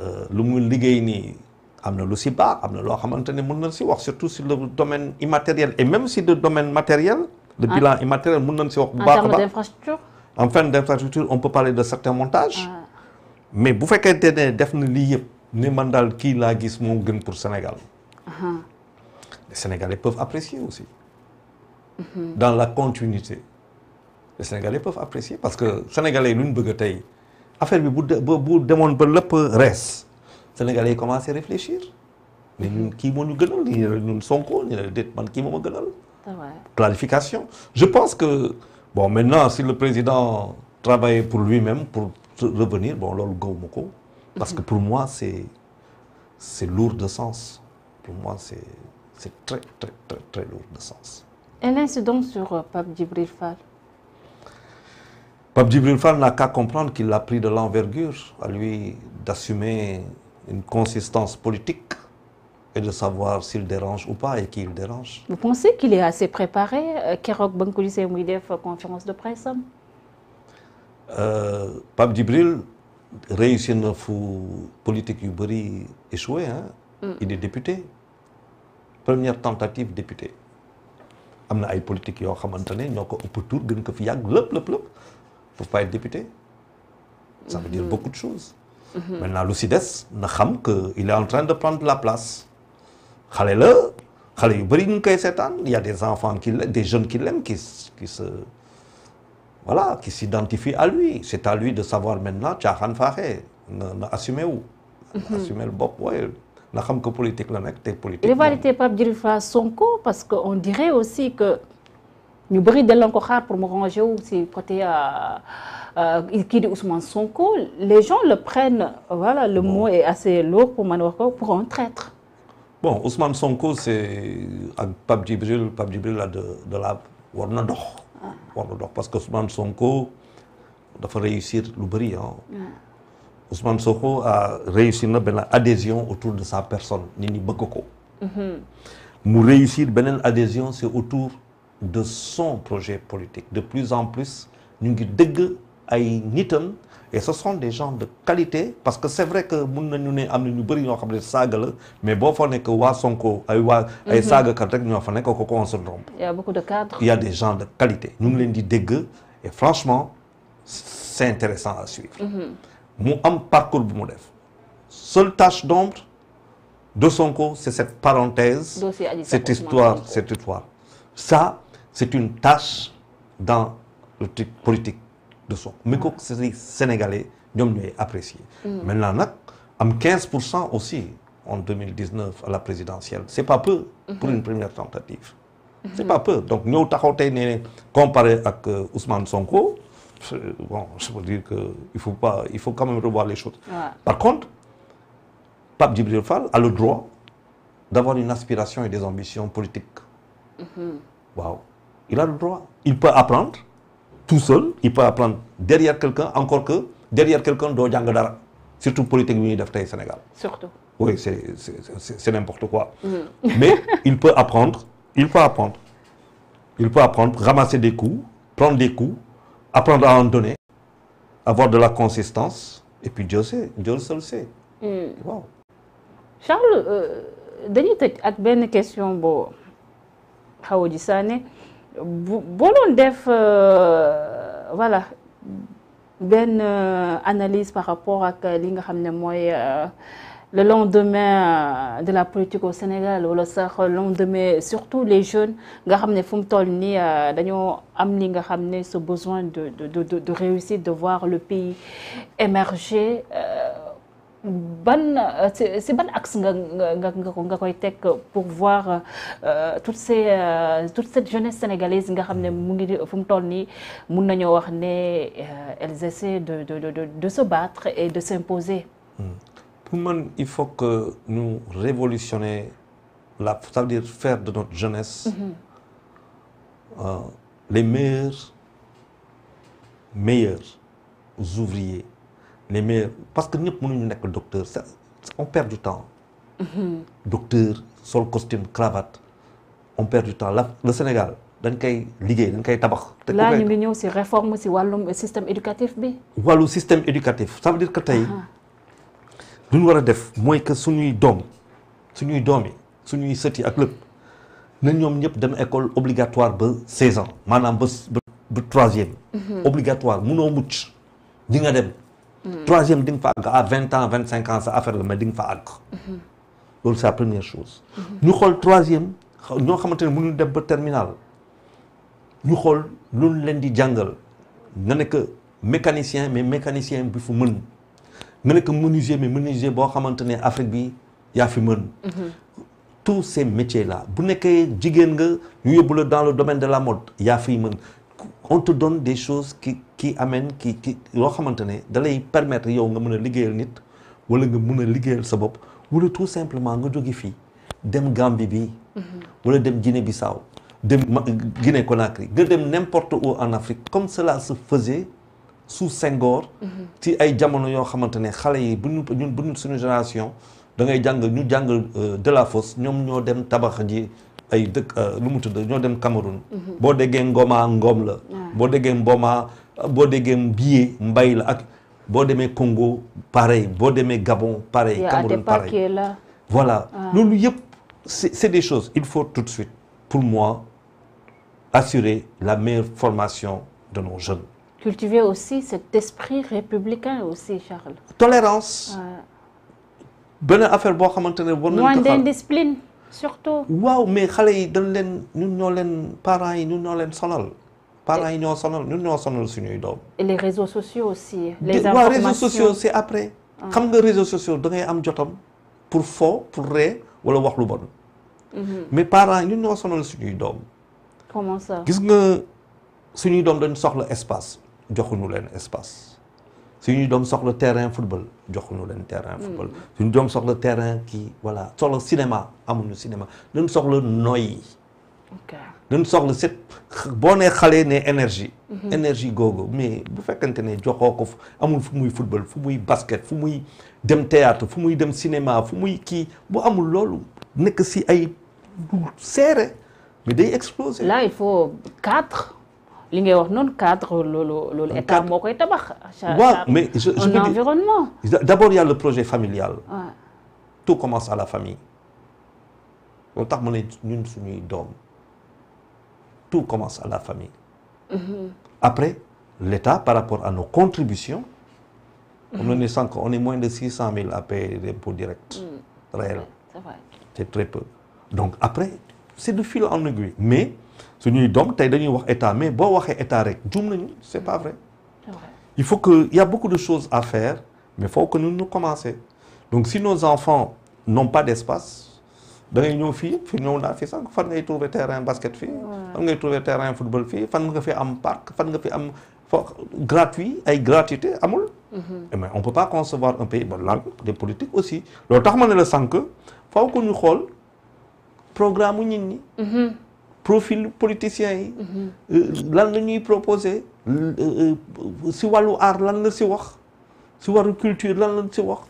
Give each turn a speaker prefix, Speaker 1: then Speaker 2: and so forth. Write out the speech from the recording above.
Speaker 1: Euh, lu mu liggéey nii am na lu si baax am na loo xamante ne mën na si wax surtout sur le domaine immatériel et même si le domaine matériel. le ah. bilan immatériel mën nañ si wax. bu baax a baax en termes d'infrastructure. en on peut parler de certains montages. Ah. mais bu fekkente ne def na lii yëpp ni man daal kii laa gis moo gën pour Sénégal. les Sénégalais peuvent apprécier aussi. Mhm. dans la continuité les Sénégalais peuvent apprécier parce que Sénégalais lu ñu bëgg tey. affaire bi bu bu demoon ba lépp rees Sénégalais yi commencé réfléchir mais ñun kii moo ñu gënal ñu ne ñun Sonko ñu ne déet man kii moo ma gënal. clarification je pense que bon maintenant si le président travaille pour lui-même pour revenir bon loolu gawma ko. parce que pour moi c'est c'est lourd de sens pour moi c'est c'est très très très très lourd de sens.
Speaker 2: et l'incidence sur euh, Pape Djibril Fall.
Speaker 1: Pape Djibril Fall n'a qu'à comprendre qu'il a pris de l'envergure à lui d'assumer une consistance politique et de savoir s'il dérange ou pas et qui il dérange.
Speaker 2: Vous pensez qu'il est assez préparé euh, Keroog ba nga ko gisee muy def euh, conférence de presse am.
Speaker 1: Euh, Pape Djibril réussir na fu politique yu bëri échoué ah. il est député première tentative député am na ay politique yoo xamante ne ñoo ko ëpp tour gën ko fi yàgg lépp lépp lépp. peuvent pas être députés. Ça veut dire mm-hmm. beaucoup de choses. Mm-hmm. Maintenant, Lucides na xam que il est en train de prendre la place xale la xale yu bëri ñu koy seetaan il y a des enfants qui des jeunes qui l'aiment qui qui se voilà qui s'identifient à lui c'est à lui de savoir maintenant caaxaan faaxee na na assumer wu.
Speaker 2: Mm-hmm. assumer
Speaker 1: le bopp waaye na xam que politique la nekk te politique. rivalité
Speaker 2: Pape Djibril Fall Sonko parce que on dirait aussi que. ñu bëri del lañ ko xaar pour mu ranger wu si côté euh, euh, kii di Ousmane Sonko les gens le prennent voilà le bon. mot est assez lourd pour man wax ko pour un traître.
Speaker 1: bon Ousmane Sonko c'est ak Pape Djibril Pape Djibril la de de la war na dox. Ah. war na dox parce que Ousmane Sonko dafa réussir lu bëri ah. Ousmane Sonko a réussi na benn adhésion autour de sa personne nit ñi bëgg ko. Mhm. mu réussir beneen adhésion c'est autour. de son projet politique de plus en plus ñu ngi dëgg ay nitam et ce sont des gens de qualité parce que c'est vrai que mun nañu ne am na ñu bëri ñoo xam ne saaga la mais boo fa nekk waa Sonko ay waa ay mhm. saagakat rek ñoo fa nekk ko on se trompe.
Speaker 2: il y a beaucoup de cadres. il y a des
Speaker 1: gens de qualité. ñu ngi leen di dégg et franchement c'est intéressant à suivre. Mhm. mu am parcours bu mu def. seule tache d'ombre de Sonko c'est cette parenthèse.
Speaker 2: cette histoire
Speaker 1: cette histoire ça. c'est une tâche dans le truc politique de so mi ko sénégalais ñoom ñooy apprécier mm. maintenant nag am 15 pour cent aussi en 2019 à la présidentielle c'est pas peu pour mm-hmm. une première tentative mm-hmm. c'est pas peu donc ñëw taxaw tey ne comparé ak euh, Ousmane Sonko euh, bon je veux dire que il faut pas il faut quand même revoir les choses ouais. par contre Pape Djibril Fall a le droit d'avoir une aspiration et des ambitions politiques mm-hmm. il a le droit. Il peut apprendre tout seul, il peut apprendre derrière quelqu'un, encore que derrière quelqu'un doo jàng dara surtout politique bi ñuy def tey Sénégal. surtout oui c'est c'est c'est n'importe quoi.
Speaker 2: Mm. mais
Speaker 1: il peut apprendre il peut apprendre. il peut apprendre ramasser des coups prendre des coups apprendre à en donner avoir de la consistance et puis Dieu sait Dieu seul sait.
Speaker 2: Mm. waaw. Charles euh, dañuy tëj ak benn question boo xaw a bu boo doon def euh, voilà benn euh, analyse par rapport ak euh, li nga xam ne mooy le lendemain de la politique au Sénégal wala sax lendemain surtout les jeunes nga xam ne fu mu toll nii dañoo am li nga xam ne ce besoin de de de réussite de voir le pays émerger. ban euh, si si ban axe nga nga nga koy teg pour voir euh, toute ces euh, toute cette jeunesse sénégalaise nga xam ne mu ngi fu mu toll nii mun nañoo wax ne elles essaient de de de se battre et de s'imposer
Speaker 1: hmm. man il faut que nous révolutionner la ça faire de notre jeunesse mm-hmm. les meilleurs meilleurs ouvriers ne mais parce que ñëpp ñu nekk docteur on perd du temps docteur sol costume cravate on perd du temps la Sénégal dañ koy liggéey dañ koy tabax. te laa ñu ngi
Speaker 2: ñëw si réforme si wàllu système éducatif bi.
Speaker 1: wàllu système éducatif ça veut dire que tey lu ñu war a def mooy que suñuy doom suñuy doom yi suñuy sët ak lépp na ñoom ñëpp dem école obligatoire ba 16 ans maanaam ba ba troisième. Mhm. obligatoire munoo mucc di dem. troisième di nga fa àgg à vingt ans vingt cinq ans sa affaire la mais di fa àgg. loolu c'est la chose. ñu xool troisième ñoo xamante ne mënuñu dem ba terminal ñu xool loolu leen di jàngal nga nekk mécanicien mais mécanicien bi fu mën nga nekk menuisier mais menuisier boo xamante ne Afrique bi yaa fi mën. tous ces métiers là bu nekkee jigéen nga ñu yóbbu la dans le domaine de la mode yaa fiy mën on te donne des choses qui. qui amène qui ki yoo xamante ne da permettre yow nga mën a liggéeyal nit wala nga mën a liggéeyal sa bopp wala tout simplement nga jóge fii dem Gambie bi mhm. wala dem Guinée Bissau dem Guinée Conakry nga dem n'importe où en Afrique comme cela se faisait sous Senghor mhm. ci ay jamono yoo xamante ne xale yi bu ñu ñun bu ñu suñu génération da ngay jàng ñu jàng euh, Delafosse ñoom ñoo dem tabax ji ay dëkk lu euh, mu tudd ñoo dem Cameroun mhm. boo déggee Ngoma Ngom la boo déggee Mboma boo déggee mbiye mbay la ak boo demee Congo pareil boo demee Gabon pareil Cameroun pareil voilà ah. loolu yëpp c'est c'est des choses il faut tout de suite pour moi assurer la meilleure formation de nos jeunes
Speaker 2: cultiver aussi Charles
Speaker 1: tolérance beneen affaire boo xamante ne war
Speaker 2: discipline surtout
Speaker 1: waaw mais xale yi dañ leen ñun ñoo leen parents yi ñun ñoo leen solal parents yi ñoo sonal ñun ñoo sonal suñuy doom.
Speaker 2: et les réseaux sociaux aussi. les c'est après. Ah. xam nga réseaux
Speaker 1: sociaux da ngay am jotam pour foo pour ree wala wax lu bon. Mhm. mais parents yi ñun ñoo sonal suñuy doom.
Speaker 2: comment ça gis
Speaker 1: nga suñuy doom dañ soxla espace joxuñu leen espace suñuy doom soxla terrain football joxuñu leen terrain mhm. football. suñu doom soxla terrain kii voilà soxla cinéma amuñu cinéma dañ soxla noy dañ soxla set boo nee xale ne énergie mhm. énergie googu mais bu fekkante ne joxoo ko amul fu muy football fu muy basket fu muy dem théâtre fu muy dem cinéma fu muy kii bu amul loolu nekk si ay seere mais day exploser là il
Speaker 2: faut quatre li ngay wax noonu cadre loolu loolu état moo koy tabax. waaw mais je je un environnement.
Speaker 1: d' abord y' a le projet familial. tout commence à la famille. loolu tax ma ne ñun suñuy doom. tout commence à la famille. Mm-hmm. Après, l'État, par rapport à nos contributions, on mm-hmm. est sans, on est moins de 600 000 à payer d'impôts directs, mm. réels. C'est très peu. Donc après, c'est de fil en aiguille. Mais, ce nous sommes tay dañuy wax état mais bo waxé état rek djum nañu c'est pas vrai. Il faut que y a beaucoup de choses à faire mais il faut que nous nous commencer. Donc si nos enfants n'ont pas d'espace da ñëw fii fi ñëw naa fii sax fan ngay trouver terrain basket fii. fan ngay trouver terrain football fii fan nga fi am parc fan nga fi am fo gratuit ay gratuité amul. mais mhm. eh on peut pas concevoir un pays ba lan des politiques aussi loolu tax ma ne la sànq faw ko ñu xool programme nit ñi. Mhm. profil politiciens yi. Mhm. Euh, lan la ñuy proposer. Euh, euh, si wàllu aar lan la si wax si wàllu culture lan la si wax.